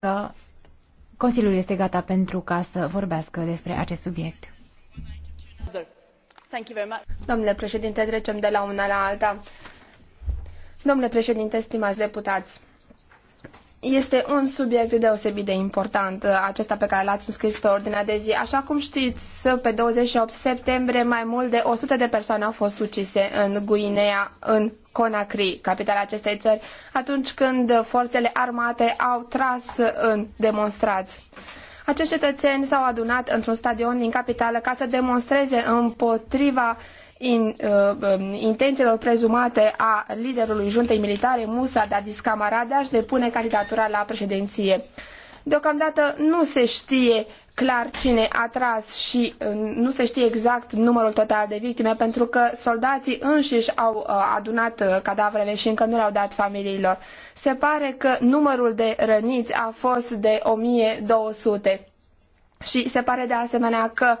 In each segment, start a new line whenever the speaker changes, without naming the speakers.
că Consiliul este gata pentru ca să vorbească despre acest subiect.
Domnule președinte, trecem de la una la alta. Domnule președinte, stimați deputați, este un subiect deosebit de important, uh, acesta pe care l-ați înscris pe ordinea de zi. Așa cum știți, pe 28 septembrie mai mult de 100 de persoane au fost ucise în Guinea, în Conakry, capitala acestei țări, atunci când forțele armate au tras în demonstrați. Acești cetățeni s-au adunat într-un stadion din capitală ca să demonstreze împotriva in, uh, um, intențiilor prezumate a liderului juntei militare Musa Dadis Camara de a-și depune candidatura la președinție. Deocamdată nu se știe clar cine a tras și uh, nu se știe exact numărul total de victime pentru că soldații înșiși au uh, adunat uh, cadavrele și încă nu le-au dat familiilor. Se pare că numărul de răniți a fost de 1200. Și se pare de asemenea că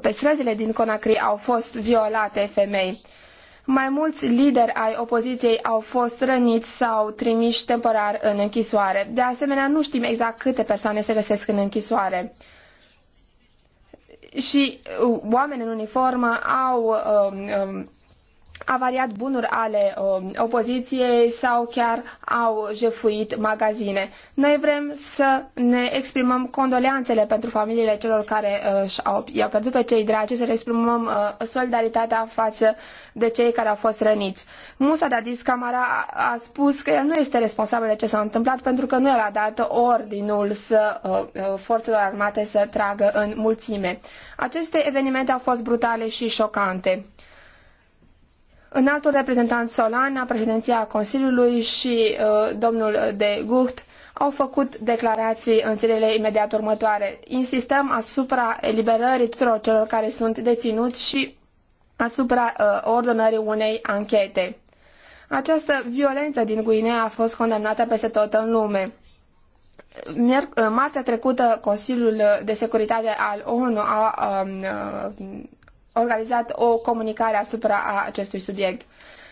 pe străzile din Conakry au fost violate femei. Mai mulți lideri ai opoziției au fost răniți sau trimiși temporar în închisoare. De asemenea, nu știm exact câte persoane se găsesc în închisoare și uh, oameni în uniformă au um, um, avariat bunuri ale uh, opoziției sau chiar au jefuit magazine. Noi vrem să ne exprimăm condoleanțele pentru familiile celor care uh, au i-au pierdut pe cei dragi, să le exprimăm uh, solidaritatea față de cei care au fost răniți. Musa Dadis Camara a, a spus că el nu este responsabil de ce s-a întâmplat pentru că nu el a dat ordinul să uh, uh, forțelor armate să tragă în mulțime. Aceste evenimente au fost brutale și șocante. Înaltul reprezentant Solana, președinția Consiliului și uh, domnul de Gucht au făcut declarații în zilele imediat următoare. Insistăm asupra eliberării tuturor celor care sunt deținuți și asupra uh, ordonării unei anchete. Această violență din Guinea a fost condamnată peste tot în lume. Mier- uh, marțea trecută, Consiliul de Securitate al ONU a um, uh, organizat o comunicare asupra acestui subiect.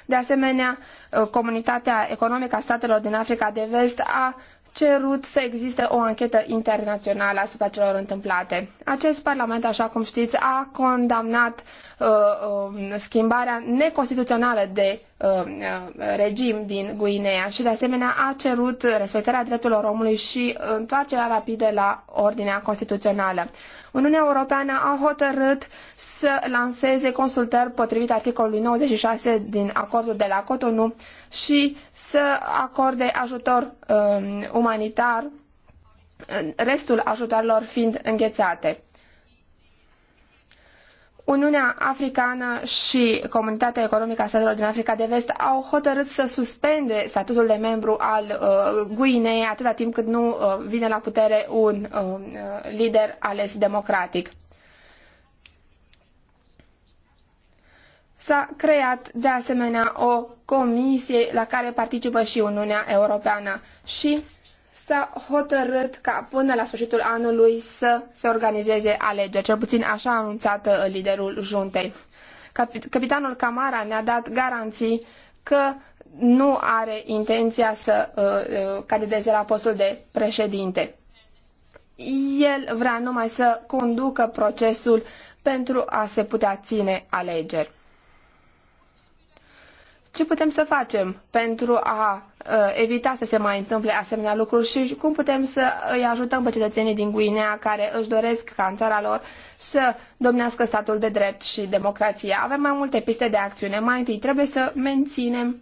De asemenea, uh, comunitatea economică a statelor din Africa de Vest a cerut să existe o anchetă internațională asupra celor întâmplate. Acest parlament, așa cum știți, a condamnat uh, uh, schimbarea neconstituțională de Um, uh, regim din Guinea și de asemenea a cerut respectarea drepturilor omului și întoarcerea rapidă la ordinea constituțională. Uniunea Europeană a hotărât să lanseze consultări potrivit articolului 96 din acordul de la Cotonou și să acorde ajutor um, umanitar, restul ajutoarelor fiind înghețate. Uniunea Africană și Comunitatea Economică a Statelor din Africa de Vest au hotărât să suspende statutul de membru al uh, Guinei atâta timp cât nu uh, vine la putere un uh, lider ales democratic. S-a creat de asemenea o comisie la care participă și Uniunea Europeană și s-a hotărât ca până la sfârșitul anului să se organizeze alegeri, cel puțin așa a anunțat uh, liderul juntei. Capitanul Camara ne-a dat garanții că nu are intenția să uh, uh, candideze la postul de președinte. El vrea numai să conducă procesul pentru a se putea ține alegeri ce putem să facem pentru a uh, evita să se mai întâmple asemenea lucruri și cum putem să îi ajutăm pe cetățenii din Guinea care își doresc ca în țara lor să domnească statul de drept și democrația. Avem mai multe piste de acțiune. Mai întâi trebuie să menținem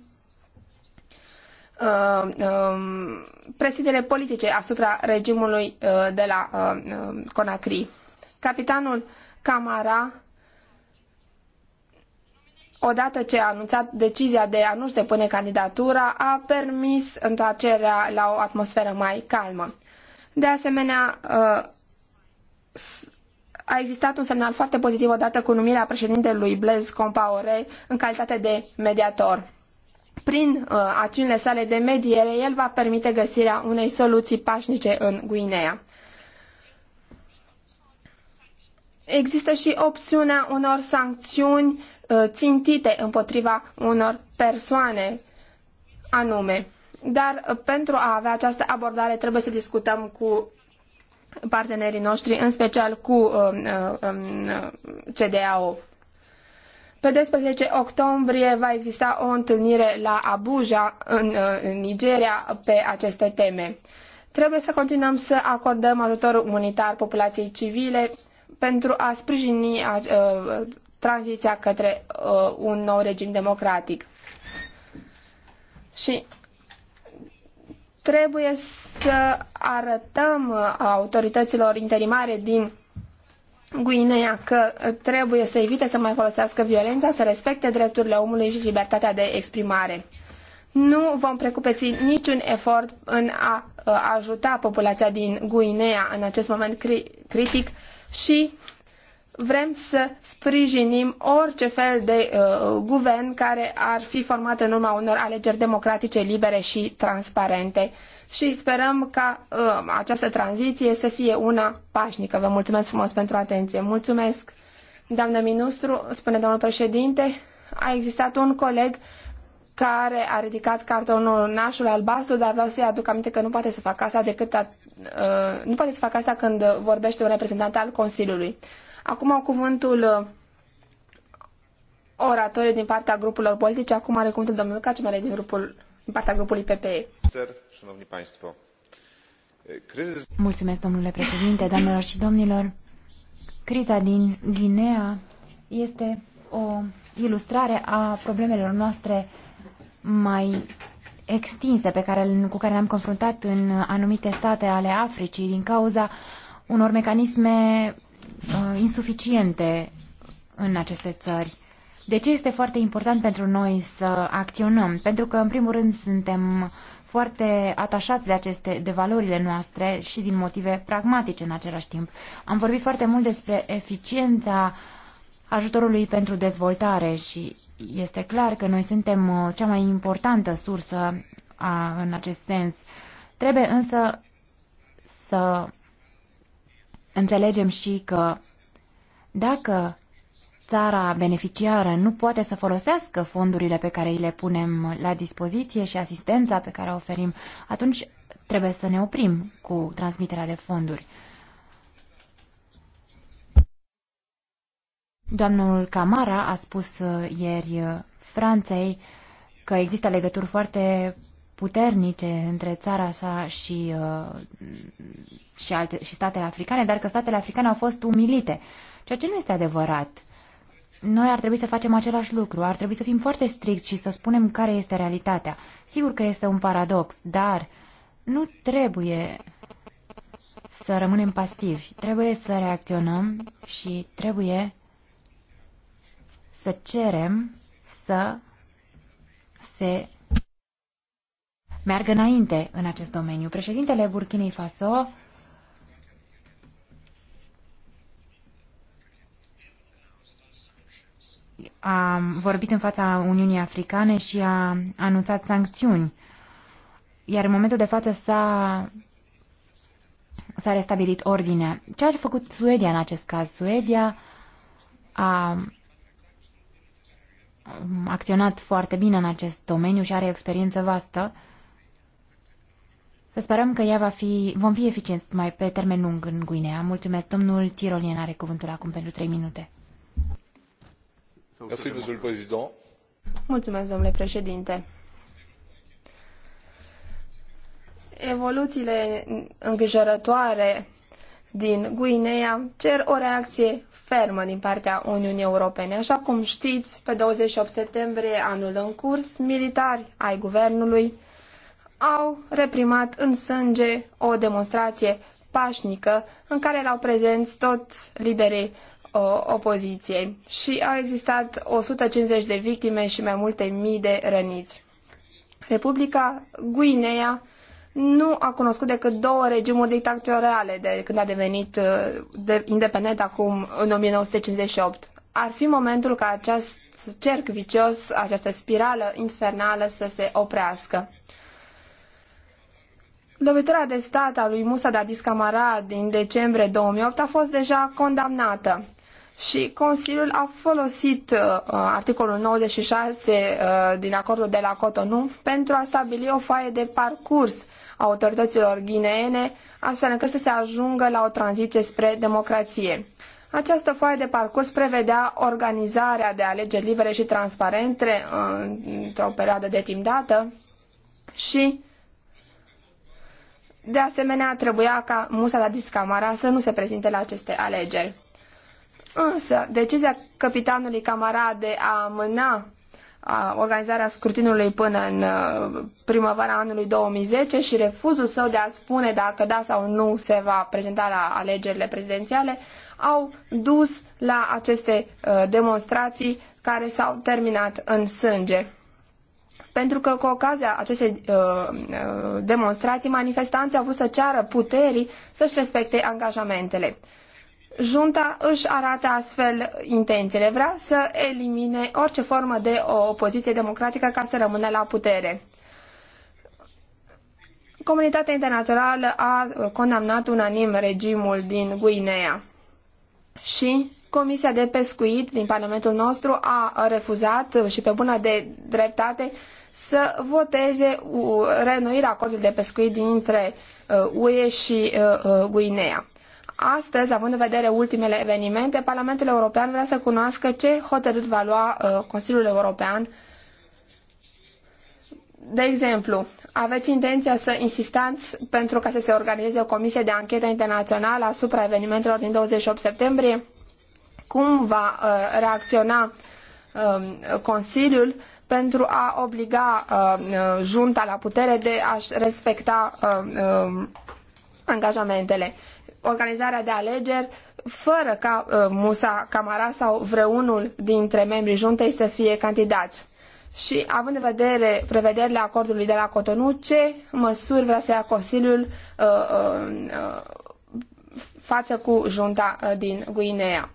uh, um, presiunile politice asupra regimului uh, de la Conakry. Capitanul Camara odată ce a anunțat decizia de a nu-și depune candidatura, a permis întoarcerea la o atmosferă mai calmă. De asemenea, uh, a existat un semnal foarte pozitiv odată cu numirea președintelui Blaise Compaoré în calitate de mediator. Prin uh, acțiunile sale de mediere, el va permite găsirea unei soluții pașnice în Guinea. există și opțiunea unor sancțiuni uh, țintite împotriva unor persoane anume. Dar uh, pentru a avea această abordare trebuie să discutăm cu partenerii noștri, în special cu uh, um, CDAO. Pe 12 octombrie va exista o întâlnire la Abuja, în, în Nigeria, pe aceste teme. Trebuie să continuăm să acordăm ajutor umanitar populației civile pentru a sprijini a, tranziția către un nou regim democratic. Și trebuie să arătăm autorităților interimare din Guinea că trebuie să evite să mai folosească violența, să respecte drepturile omului și libertatea de exprimare nu vom precupeți niciun efort în a ă, ajuta populația din Guinea în acest moment cri critic și vrem să sprijinim orice fel de uh, guvern care ar fi format în urma unor alegeri democratice, libere și transparente. Și sperăm ca uh, această tranziție să fie una pașnică. Vă mulțumesc frumos pentru atenție. Mulțumesc, doamnă ministru, spune domnul președinte. A existat un coleg care a ridicat cartonul nașul albastru, dar vreau să-i aduc aminte că nu poate să facă asta decât a, uh, nu poate să facă asta când vorbește un reprezentant al Consiliului. Acum au cuvântul uh, oratorii din partea grupurilor politice, acum are cuvântul domnul Cacimare din, grupul, din partea grupului PPE.
Mulțumesc, domnule președinte, doamnelor și domnilor. Criza din Guinea este o ilustrare a problemelor noastre mai extinse pe care, cu care ne-am confruntat în anumite state ale Africii din cauza unor mecanisme uh, insuficiente în aceste țări. De ce este foarte important pentru noi să acționăm? Pentru că, în primul rând, suntem foarte atașați de aceste, de valorile noastre și din motive pragmatice în același timp. Am vorbit foarte mult despre eficiența uh, ajutorului pentru dezvoltare și este clar că noi suntem uh, cea mai importantă sursă a, în acest sens. Trebuie însă să înțelegem și că dacă țara beneficiară nu poate să folosească fondurile pe care îi le punem la dispoziție și asistența pe care o oferim, atunci trebuie să ne oprim cu transmiterea de fonduri. Domnul Camara a spus uh, ieri uh, Franței că există legături foarte puternice între țara sa și, uh, și, alte, și statele africane, dar că statele africane au fost umilite, ceea ce nu este adevărat. Noi ar trebui să facem același lucru, ar trebui să fim foarte strict și să spunem care este realitatea. Sigur că este un paradox, dar nu trebuie să rămânem pasivi, trebuie să reacționăm și trebuie să cerem să se meargă înainte în acest domeniu. Președintele Burkinei Faso a vorbit în fața Uniunii Africane și a anunțat sancțiuni. Iar în momentul de față s-a s-a restabilit ordinea. Ce a făcut Suedia în acest caz? Suedia a acționat foarte bine în acest domeniu și are experiență vastă. Să sperăm că ea va fi, vom fi eficienți mai pe termen lung în Guinea. Mulțumesc. Domnul Tirolien are cuvântul acum pentru 3 minute. Mulțumesc, domnule președinte.
Evoluțiile îngrijorătoare din Guinea cer o reacție fermă din partea Uniunii Europene. Așa cum știți, pe 28 septembrie anul în curs, militari ai guvernului au reprimat în sânge o demonstrație pașnică în care erau prezenți toți liderii opoziției și au existat 150 de victime și mai multe mii de răniți. Republica Guinea nu a cunoscut decât două regimuri dictatoriale de când a devenit uh, de, independent acum în 1958. Ar fi momentul ca acest cerc vicios, această spirală infernală să se oprească. Lovitura de stat a lui Musa Dadis Camara din decembrie 2008 a fost deja condamnată și Consiliul a folosit uh, articolul 96 uh, din acordul de la Cotonou pentru a stabili o foaie de parcurs a autorităților guineene, astfel încât să se ajungă la o tranziție spre democrație. Această foaie de parcurs prevedea organizarea de alegeri libere și transparente uh, într-o perioadă de timp dată și de asemenea trebuia ca Musa Dadis Camara să nu se prezinte la aceste alegeri. Însă, decizia capitanului Camara de a amâna organizarea scrutinului până în uh, primăvara anului 2010 și refuzul său de a spune dacă da sau nu se va prezenta la alegerile prezidențiale au dus la aceste uh, demonstrații care s-au terminat în sânge. Pentru că cu ocazia acestei uh, demonstrații, manifestanții au vrut să ceară puterii să-și respecte angajamentele. Junta își arată astfel intențiile. Vrea să elimine orice formă de o opoziție democratică ca să rămână la putere. Comunitatea internațională a condamnat unanim regimul din Guinea și Comisia de Pescuit din Parlamentul nostru a refuzat și pe bună de dreptate să voteze reînnoirea acordului de pescuit dintre uh, UE și uh, uh, Guinea. Astăzi, având în vedere ultimele evenimente, Parlamentul European vrea să cunoască ce hotărâri va lua uh, Consiliul European. De exemplu, aveți intenția să insistați pentru ca să se organizeze o comisie de anchetă internațională asupra evenimentelor din 28 septembrie? Cum va uh, reacționa um, Consiliul pentru a obliga uh, junta la putere de a-și respecta um, angajamentele? organizarea de alegeri fără ca uh, Musa Camara sau vreunul dintre membrii juntei să fie candidați. Și având în vedere prevederile acordului de la Cotonou, ce măsuri vrea să ia Consiliul uh, uh, uh față cu junta uh, din Guinea?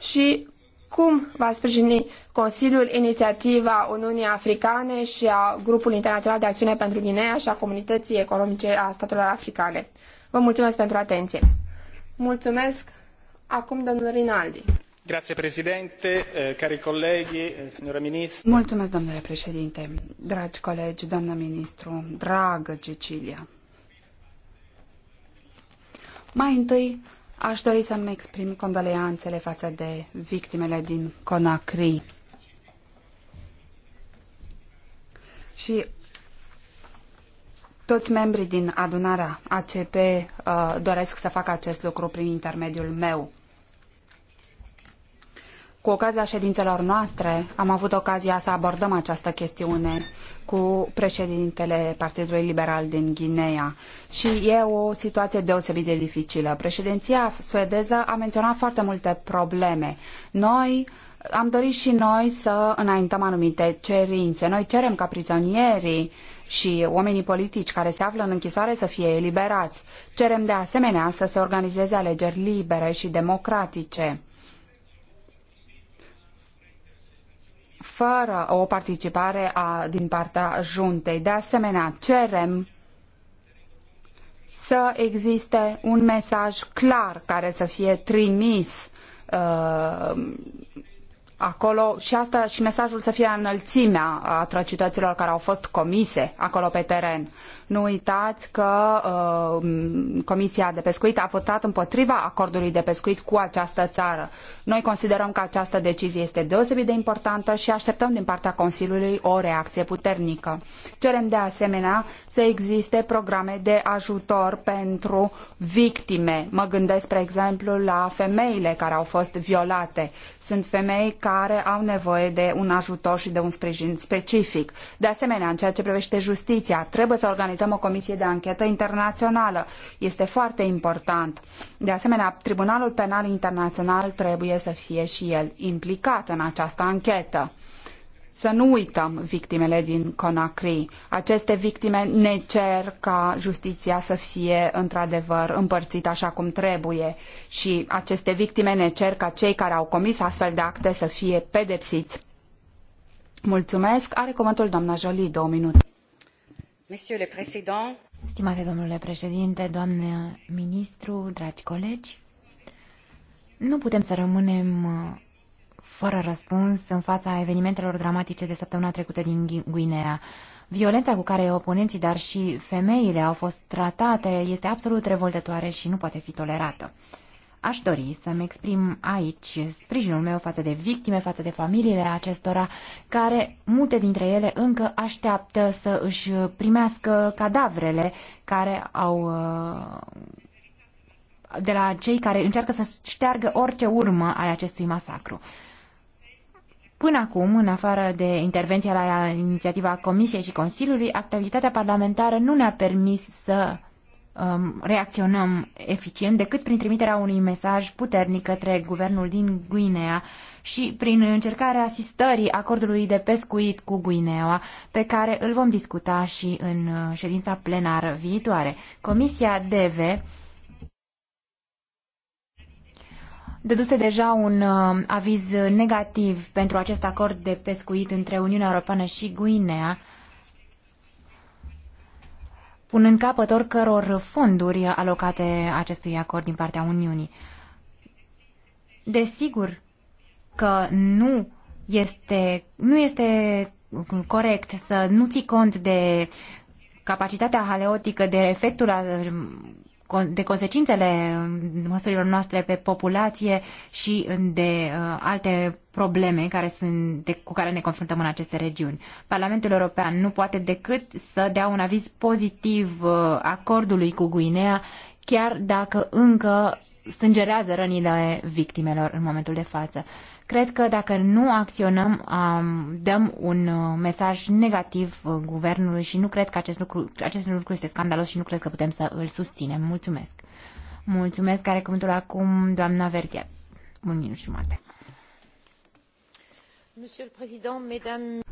Și cum va sprijini Consiliul inițiativa Uniunii Africane și a Grupului Internațional de Acțiune pentru Guinea și a Comunității Economice a Statelor Africane? Vă mulțumesc pentru atenție! Mulțumesc. Acum domnul Rinaldi.
Grazie Presidente, eh, cari colleghi, eh, signora Ministru.
Mulțumesc, domnule președinte, dragi colegi, doamnă ministru, dragă Cecilia. Mai întâi, aș dori să-mi exprim condoleanțele față de victimele din Conakry. Și toți membrii din adunarea ACP uh, doresc să facă acest lucru prin intermediul meu. Cu ocazia ședințelor noastre, am avut ocazia să abordăm această chestiune cu președintele Partidului Liberal din Guinea și e o situație deosebit de dificilă. Președinția suedeză a menționat foarte multe probleme. Noi am dorit și noi să înaintăm anumite cerințe. Noi cerem ca prizonierii și oamenii politici care se află în închisoare să fie eliberați. Cerem de asemenea să se organizeze alegeri libere și democratice. fără o participare a, din partea juntei. De asemenea, cerem să existe un mesaj clar care să fie trimis uh, acolo și asta și mesajul să fie la înălțimea atrocităților care au fost comise acolo pe teren. Nu uitați că uh, Comisia de Pescuit a votat împotriva acordului de pescuit cu această țară. Noi considerăm că această decizie este deosebit de importantă și așteptăm din partea Consiliului o reacție puternică. Cerem de asemenea să existe programe de ajutor pentru victime. Mă gândesc, spre exemplu, la femeile care au fost violate. Sunt femei care care au nevoie de un ajutor și de un sprijin specific. De asemenea, în ceea ce privește justiția, trebuie să organizăm o comisie de anchetă internațională. Este foarte important. De asemenea, Tribunalul Penal Internațional trebuie să fie și el implicat în această anchetă. Să nu uităm victimele din Conakry. Aceste victime ne cer ca justiția să fie într-adevăr împărțită așa cum trebuie și aceste victime ne cer ca cei care au comis astfel de acte să fie pedepsiți. Mulțumesc. Are cuvântul doamna Jolie, două minute.
Stimate domnule președinte, doamnă ministru, dragi colegi, nu putem să rămânem fără răspuns în fața evenimentelor dramatice de săptămâna trecută din Guinea. Violența cu care oponenții, dar și femeile au fost tratate este absolut revoltătoare și nu poate fi tolerată. Aș dori să-mi exprim aici sprijinul meu față de victime, față de familiile acestora, care multe dintre ele încă așteaptă să își primească cadavrele care au uh, de la cei care încearcă să șteargă orice urmă ale acestui masacru. Până acum, în afară de intervenția la inițiativa Comisiei și Consiliului, activitatea parlamentară nu ne-a permis să um, reacționăm eficient decât prin trimiterea unui mesaj puternic către guvernul din Guinea și prin încercarea asistării acordului de pescuit cu Guinea, pe care îl vom discuta și în uh, ședința plenară viitoare. Comisia DEVE dăduse deja un uh, aviz negativ pentru acest acord de pescuit între Uniunea Europeană și Guinea, punând capăt oricăror fonduri alocate acestui acord din partea Uniunii. Desigur că nu este, nu este corect să nu ții cont de capacitatea haleotică, de efectul de consecințele măsurilor noastre pe populație și de uh, alte probleme care sunt, de, cu care ne confruntăm în aceste regiuni. Parlamentul European nu poate decât să dea un aviz pozitiv uh, acordului cu Guinea, chiar dacă încă sângerează rănile victimelor în momentul de față. Cred că dacă nu acționăm, dăm un uh, mesaj negativ uh, guvernului și nu cred că acest lucru, acest lucru este scandalos și nu cred că putem să îl susținem. Mulțumesc! Mulțumesc, care cuvântul acum doamna Verghia. Un minut și jumate.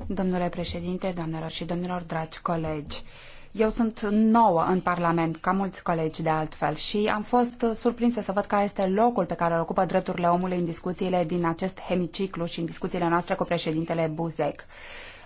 Domnule președinte,
doamnelor și domnilor, dragi colegi, eu sunt nouă în Parlament, ca mulți colegi de altfel, și am fost surprinsă să văd care este locul pe care îl ocupă drepturile omului în discuțiile din acest hemiciclu și în discuțiile noastre cu președintele Buzek.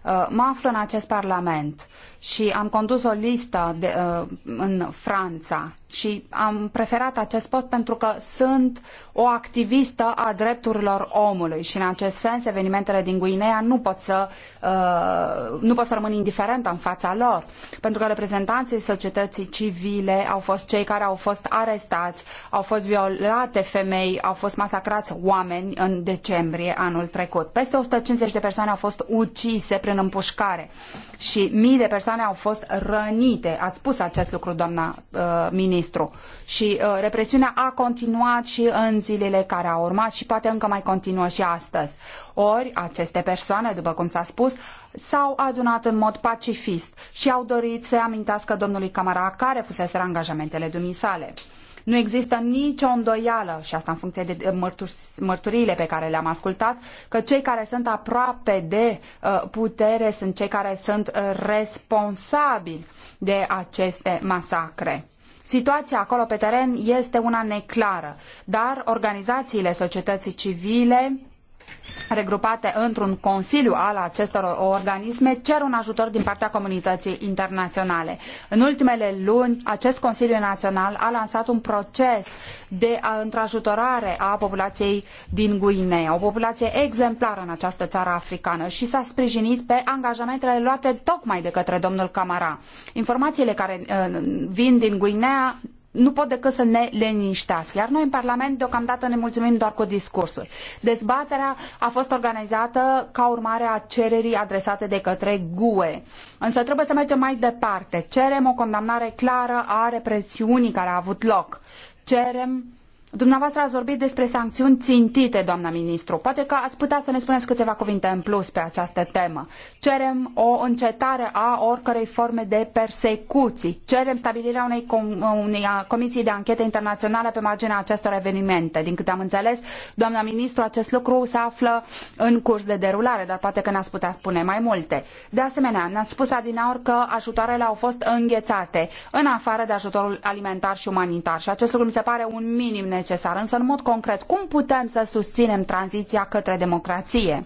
Uh, mă aflu în acest Parlament și am condus o listă de, uh, în Franța și am preferat acest post pentru că sunt o activistă a drepturilor omului și în acest sens evenimentele din Guinea nu pot să, uh, nu pot să rămân indiferentă în fața lor, pentru că reprezentanții societății civile au fost cei care au fost arestați, au fost violate femei, au fost masacrați oameni în decembrie anul trecut. Peste 150 de persoane au fost ucise prin în împușcare și mii de persoane au fost rănite. Ați spus acest lucru, doamna uh, ministru. Și uh, represiunea a continuat și în zilele care au urmat și poate încă mai continuă și astăzi. Ori aceste persoane, după cum s-a spus, s-au adunat în mod pacifist și au dorit să amintească domnului Camara care fusese angajamentele dumii sale. Nu există nicio îndoială, și asta în funcție de mărturiile pe care le-am ascultat, că cei care sunt aproape de uh, putere sunt cei care sunt uh, responsabili de aceste masacre. Situația acolo pe teren este una neclară, dar organizațiile societății civile regrupate într-un consiliu al acestor organisme cer un ajutor din partea comunității internaționale. În ultimele luni, acest Consiliu Național a lansat un proces de întrajutorare a populației din Guinea, o populație exemplară în această țară africană și s-a sprijinit pe angajamentele luate tocmai de către domnul Camara. Informațiile care uh, vin din Guinea nu pot decât să ne liniștească. Iar noi în Parlament deocamdată ne mulțumim doar cu discursuri. Dezbaterea a fost organizată ca urmare a cererii adresate de către GUE. Însă trebuie să mergem mai departe. Cerem o condamnare clară a represiunii care a avut loc. Cerem Dumneavoastră ați vorbit despre sancțiuni țintite, doamna ministru. Poate că ați putea să ne spuneți câteva cuvinte în plus pe această temă. Cerem o încetare a oricărei forme de persecuții. Cerem stabilirea unei, com- unei comisii de anchetă internațională pe marginea acestor evenimente. Din câte am înțeles, doamna ministru, acest lucru se află în curs de derulare, dar poate că ne-ați putea spune mai multe. De asemenea, ne-ați spus adinaur că ajutoarele au fost înghețate, în afară de ajutorul alimentar și umanitar. Și acest lucru mi se pare un minim necesar necesar însă în mod concret, cum putem să susținem tranziția către democrație?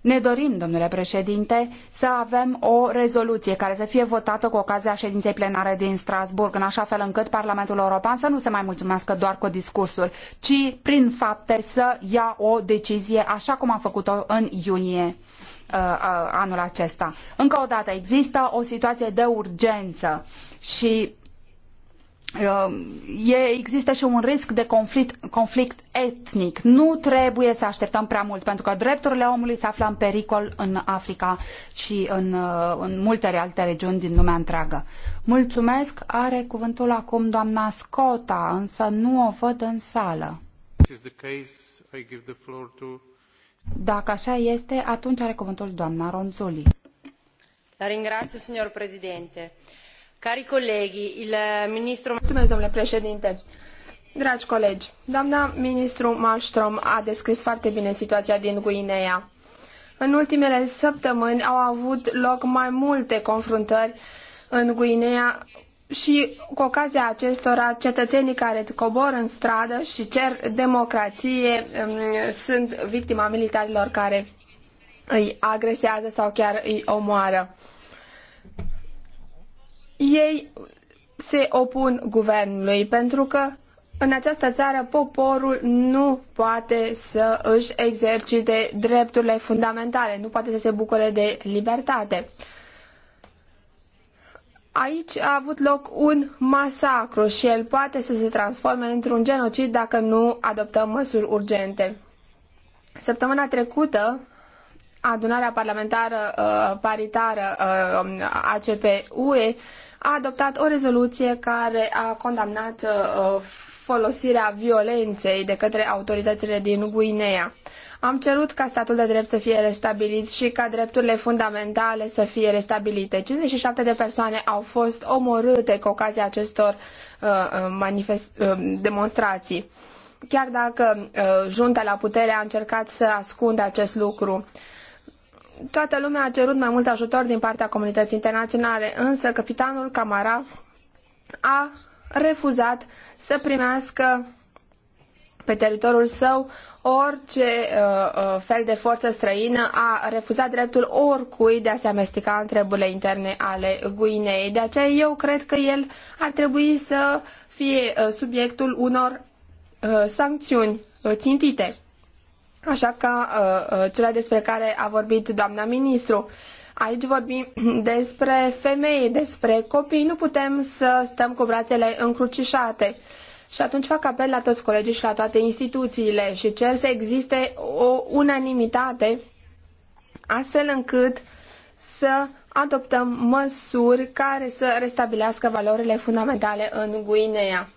Ne dorim, domnule președinte, să avem o rezoluție care să fie votată cu ocazia ședinței plenare din Strasbourg, în așa fel încât Parlamentul European să nu se mai mulțumească doar cu discursuri, ci prin fapte să ia o decizie așa cum a făcut-o în iunie uh, uh, anul acesta. Încă o dată, există o situație de urgență și Uh, e, există și un risc de conflict, conflict, etnic. Nu trebuie să așteptăm prea mult, pentru că drepturile omului se află în pericol în Africa și în, uh, în multe alte regiuni din lumea întreagă. Mulțumesc. Are cuvântul acum doamna Scota, însă nu o văd în sală. Dacă așa este, atunci are cuvântul doamna Ronzuli.
La ringrazio,
signor Presidente colegi, Dragi colegi, doamna ministru malmstrm a descris foarte bine situația din Guineea. În ultimele săptămâni au avut loc mai multe confruntări în Guineea și cu ocazia acestora cetățenii care cobor în stradă și cer democrație um, sunt victima militarilor care îi agresează sau chiar îi omoară ei se opun guvernului pentru că în această țară poporul nu poate să își exercite drepturile fundamentale, nu poate să se bucure de libertate. Aici a avut loc un masacru și el poate să se transforme într-un genocid dacă nu adoptăm măsuri urgente. Săptămâna trecută adunarea parlamentară uh, paritară uh, ACP-UE a adoptat o rezoluție care a condamnat uh, folosirea violenței de către autoritățile din Guinea. Am cerut ca statul de drept să fie restabilit și ca drepturile fundamentale să fie restabilite. 57 de persoane au fost omorâte cu ocazia acestor uh, uh, demonstrații. Chiar dacă uh, junta la putere a încercat să ascundă acest lucru. Uh, toată lumea a cerut mai mult ajutor din partea comunității internaționale, însă capitanul Camara a refuzat să primească pe teritoriul său orice uh, uh, fel de forță străină, a refuzat dreptul oricui de a se amesteca în treburile interne ale Guinei. De aceea eu cred că el ar trebui să fie uh, subiectul unor uh, sancțiuni uh, țintite așa ca uh, uh, cele despre care a vorbit doamna ministru. Aici vorbim despre femei, despre copii, nu putem să stăm cu brațele încrucișate. Și atunci fac apel la toți colegii și la toate instituțiile și cer să existe o unanimitate astfel încât să adoptăm măsuri care să restabilească valorile fundamentale în Guinea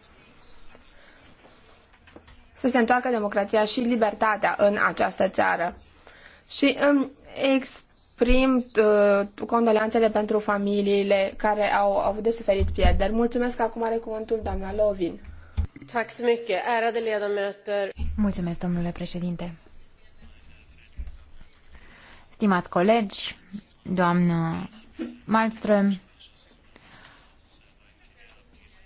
să se întoarcă democrația și libertatea în această țară. Și îmi exprim uh, condoleanțele pentru familiile care au avut de suferit pierderi. Mulțumesc că acum are cuvântul doamna Lovin.
Mulțumesc, domnule președinte. Stimați colegi, doamnă Malmström,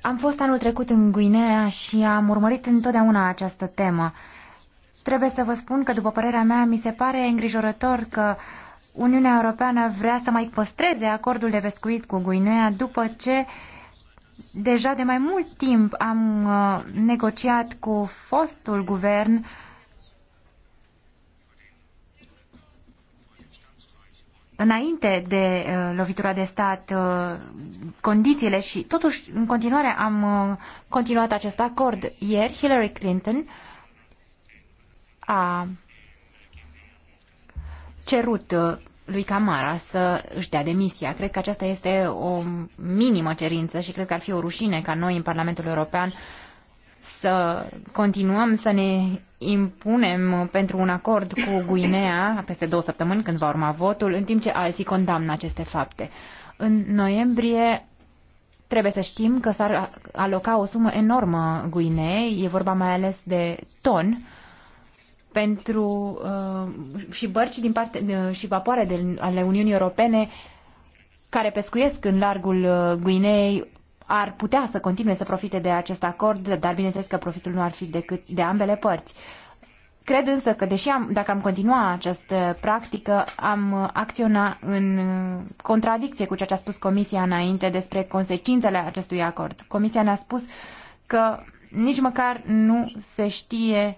am fost anul trecut în Guinea și am urmărit întotdeauna această temă. Trebuie să vă spun că, după părerea mea, mi se pare îngrijorător că Uniunea Europeană vrea să mai păstreze acordul de pescuit cu Guinea după ce deja de mai mult timp am uh, negociat cu fostul guvern uh, înainte de uh, lovitura de stat uh, condițiile și totuși în continuare am uh, continuat acest acord. Ieri Hillary Clinton a cerut uh, lui Camara să își dea demisia. Cred că aceasta este o minimă cerință și cred că ar fi o rușine ca noi în Parlamentul European uh, să continuăm să ne impunem pentru un acord cu Guinea peste două săptămâni când va urma votul, în timp ce alții condamnă aceste fapte. În noiembrie trebuie să știm că s-ar aloca o sumă enormă Guinei, e vorba mai ales de ton, pentru uh, și bărci din parte, uh, și vapoare de, ale Uniunii Europene care pescuiesc în largul uh, Guinei ar putea să continue să profite de acest acord, dar bineînțeles că profitul nu ar fi decât de ambele părți. Cred însă că, deși am, dacă am continua această practică, am acționa în contradicție cu ceea ce a spus Comisia înainte despre consecințele acestui acord. Comisia ne-a spus că nici măcar nu se știe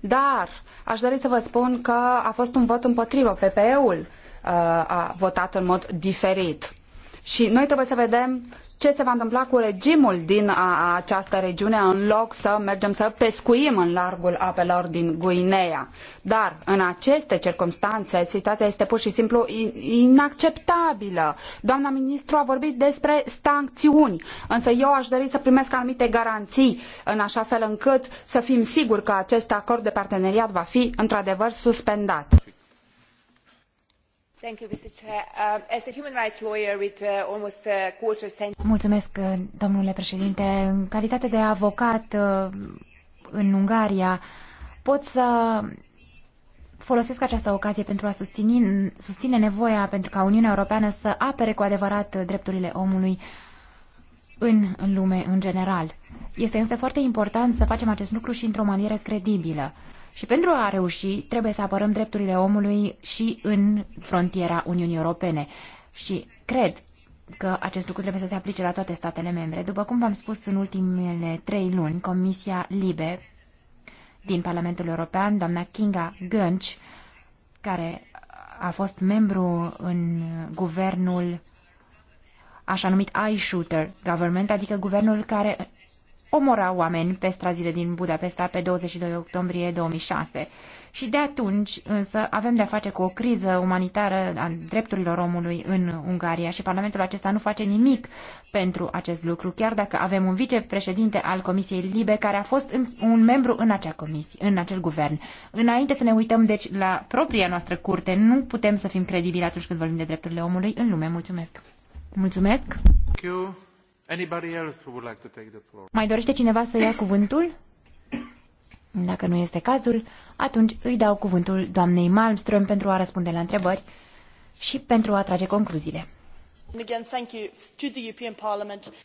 Dar aș dori să vă spun că a fost un vot împotrivă. PPE-ul uh, a votat în mod diferit. Și noi trebuie să vedem ce se va întâmpla cu regimul din a, această regiune în loc să mergem să pescuim în largul apelor din Guinea. Dar în aceste circunstanțe situația este pur și simplu inacceptabilă. Doamna ministru a vorbit despre sancțiuni, însă eu aș dori să primesc anumite garanții în așa fel încât să fim siguri că acest acord de parteneriat va fi într-adevăr suspendat.
Um, uh, Mulțumesc, uh, domnule președinte. În calitate de avocat uh, în Ungaria, pot să folosesc această ocazie pentru a susține, susține nevoia pentru ca Uniunea Europeană să apere cu adevărat drepturile omului în lume în general. Este însă foarte important să facem acest lucru și într-o manieră credibilă. Și pentru a reuși, trebuie să apărăm drepturile omului și în frontiera Uniunii Europene. Și cred că acest lucru trebuie să se aplice la toate statele membre. După cum v-am spus în ultimele trei luni, Comisia Libe din Parlamentul European, doamna Kinga Gönch, care a fost membru în guvernul așa numit eye shooter government, adică guvernul care omora oameni pe strazile din Budapesta pe 22 octombrie 2006. Și de atunci, însă, avem de-a face cu o criză umanitară a drepturilor omului în Ungaria și Parlamentul acesta nu face nimic pentru acest lucru, chiar dacă avem un vicepreședinte al Comisiei Libe care a fost un membru în acea comisie, în acel guvern. Înainte să ne uităm, deci, la propria noastră curte, nu putem să fim credibili atunci când vorbim de drepturile omului în lume. Mulțumesc! Mulțumesc!
Thank you. Mai dorește cineva să ia
cuvântul? Dacă nu este cazul, atunci îi dau cuvântul doamnei Malmström pentru a răspunde la întrebări și pentru a trage concluziile.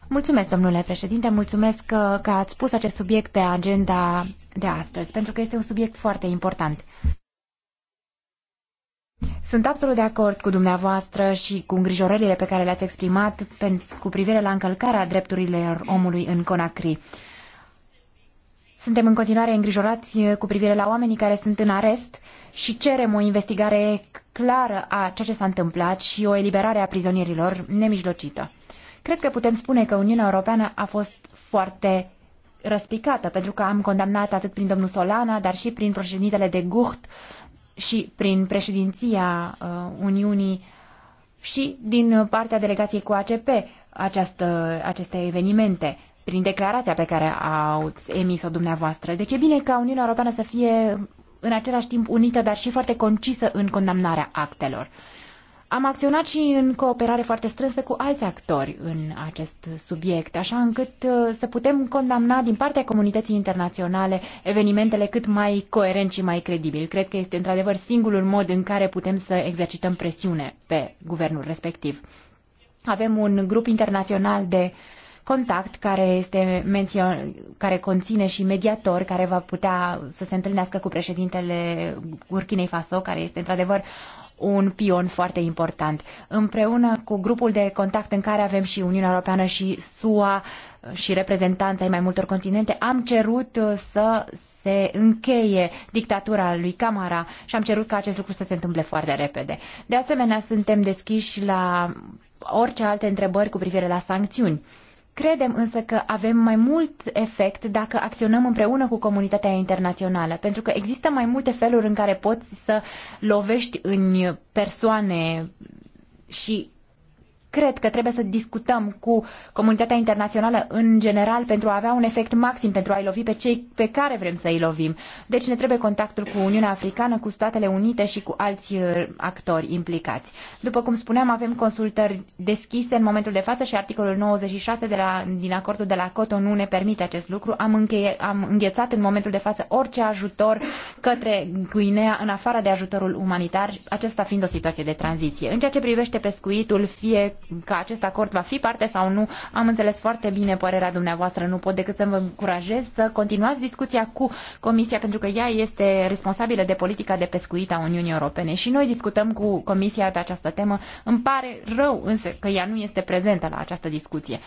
Mulțumesc, domnule președinte, mulțumesc că, că ați pus acest subiect pe agenda de astăzi, pentru că este un subiect foarte important. Sunt absolut de acord cu dumneavoastră și cu îngrijorările pe care le-ați exprimat cu privire la încălcarea drepturilor omului în Conakry. Suntem în continuare îngrijorați eh, cu privire la oamenii care sunt în arest și cerem o investigare clară a ceea ce s-a întâmplat și o eliberare a prizonierilor nemijlocită. Cred că putem spune că Uniunea Europeană a fost foarte răspicată, pentru că am condamnat atât prin domnul Solana, dar și prin președintele de Gucht și prin președinția uh, Uniunii și din partea delegației cu ACP această, aceste evenimente prin declarația pe care au emis-o dumneavoastră. Deci e bine ca Uniunea Europeană să fie în același timp unită, dar și foarte concisă în condamnarea actelor. Am acționat și în cooperare foarte strânsă cu alți actori în acest subiect, așa încât uh, să putem condamna din partea comunității internaționale evenimentele cât mai coerent și mai credibil. Cred că este într-adevăr singurul mod în care putem să exercităm presiune pe guvernul respectiv. Avem un grup internațional de contact care este mențion, care conține și mediator care va putea să se întâlnească cu președintele Urchinei Faso, care este într-adevăr un pion foarte important. Împreună cu grupul de contact în care avem și Uniunea Europeană și SUA și reprezentanța ai mai multor continente, am cerut uh, să se încheie dictatura lui Camara și am cerut ca acest lucru să se întâmple foarte repede. De asemenea, suntem deschiși la orice alte întrebări cu privire la sancțiuni. Credem însă că avem mai mult efect dacă acționăm împreună cu comunitatea internațională, pentru că există mai multe feluri în care poți să lovești în persoane și cred că trebuie să discutăm cu comunitatea internațională în general pentru a avea un efect maxim, pentru a-i lovi pe cei pe care vrem să-i lovim. Deci ne trebuie contactul cu Uniunea Africană, cu Statele Unite și cu alți uh, actori implicați. După cum spuneam, avem consultări deschise în momentul de față și articolul 96 de la, din acordul de la Cotonou ne permite acest lucru. Am, încheie, am înghețat în momentul de față orice ajutor către Guinea în afară de ajutorul umanitar, acesta fiind o situație de tranziție. În ceea ce privește pescuitul, fie că acest acord va fi parte sau nu. Am înțeles foarte bine părerea dumneavoastră. Nu pot decât să vă încurajez să continuați discuția cu Comisia, pentru că ea este responsabilă de politica de pescuit a Uniunii Europene. Și noi discutăm cu Comisia pe această temă. Îmi pare rău însă că ea nu este prezentă la această discuție.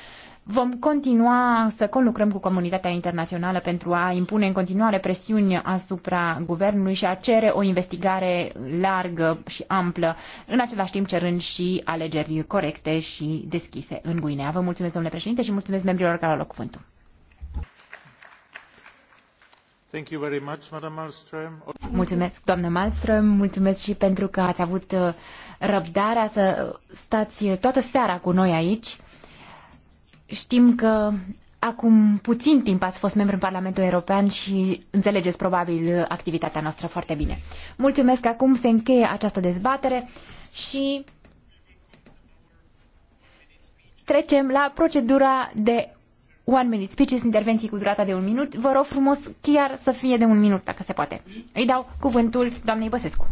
Vom continua să conlucrăm cu comunitatea internațională pentru a impune în continuare presiuni asupra guvernului și a cere o investigare largă și amplă, în același timp cerând și alegeri corecte și deschise în Guinea. Vă mulțumesc, domnule președinte, și mulțumesc membrilor care au luat cuvântul.
Thank you very much, Malmström.
Mulțumesc, doamnă Malmström, mulțumesc și pentru că ați avut uh, răbdarea să stați uh, toată seara cu noi aici Știm că acum puțin timp ați fost membru în Parlamentul European și înțelegeți probabil activitatea noastră foarte bine. Mulțumesc că acum se încheie această dezbatere și trecem la procedura de one minute speeches, intervenții cu durata de un minut. Vă rog frumos chiar să fie de un minut, dacă se poate. Îi dau cuvântul doamnei Băsescu.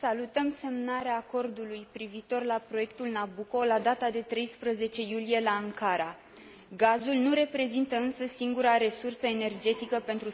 salutăm semnarea acordului privitor la proiectul nabucco la data de treisprezece iulie la ankara. gazul nu reprezintă însă singura resursă energetică pentru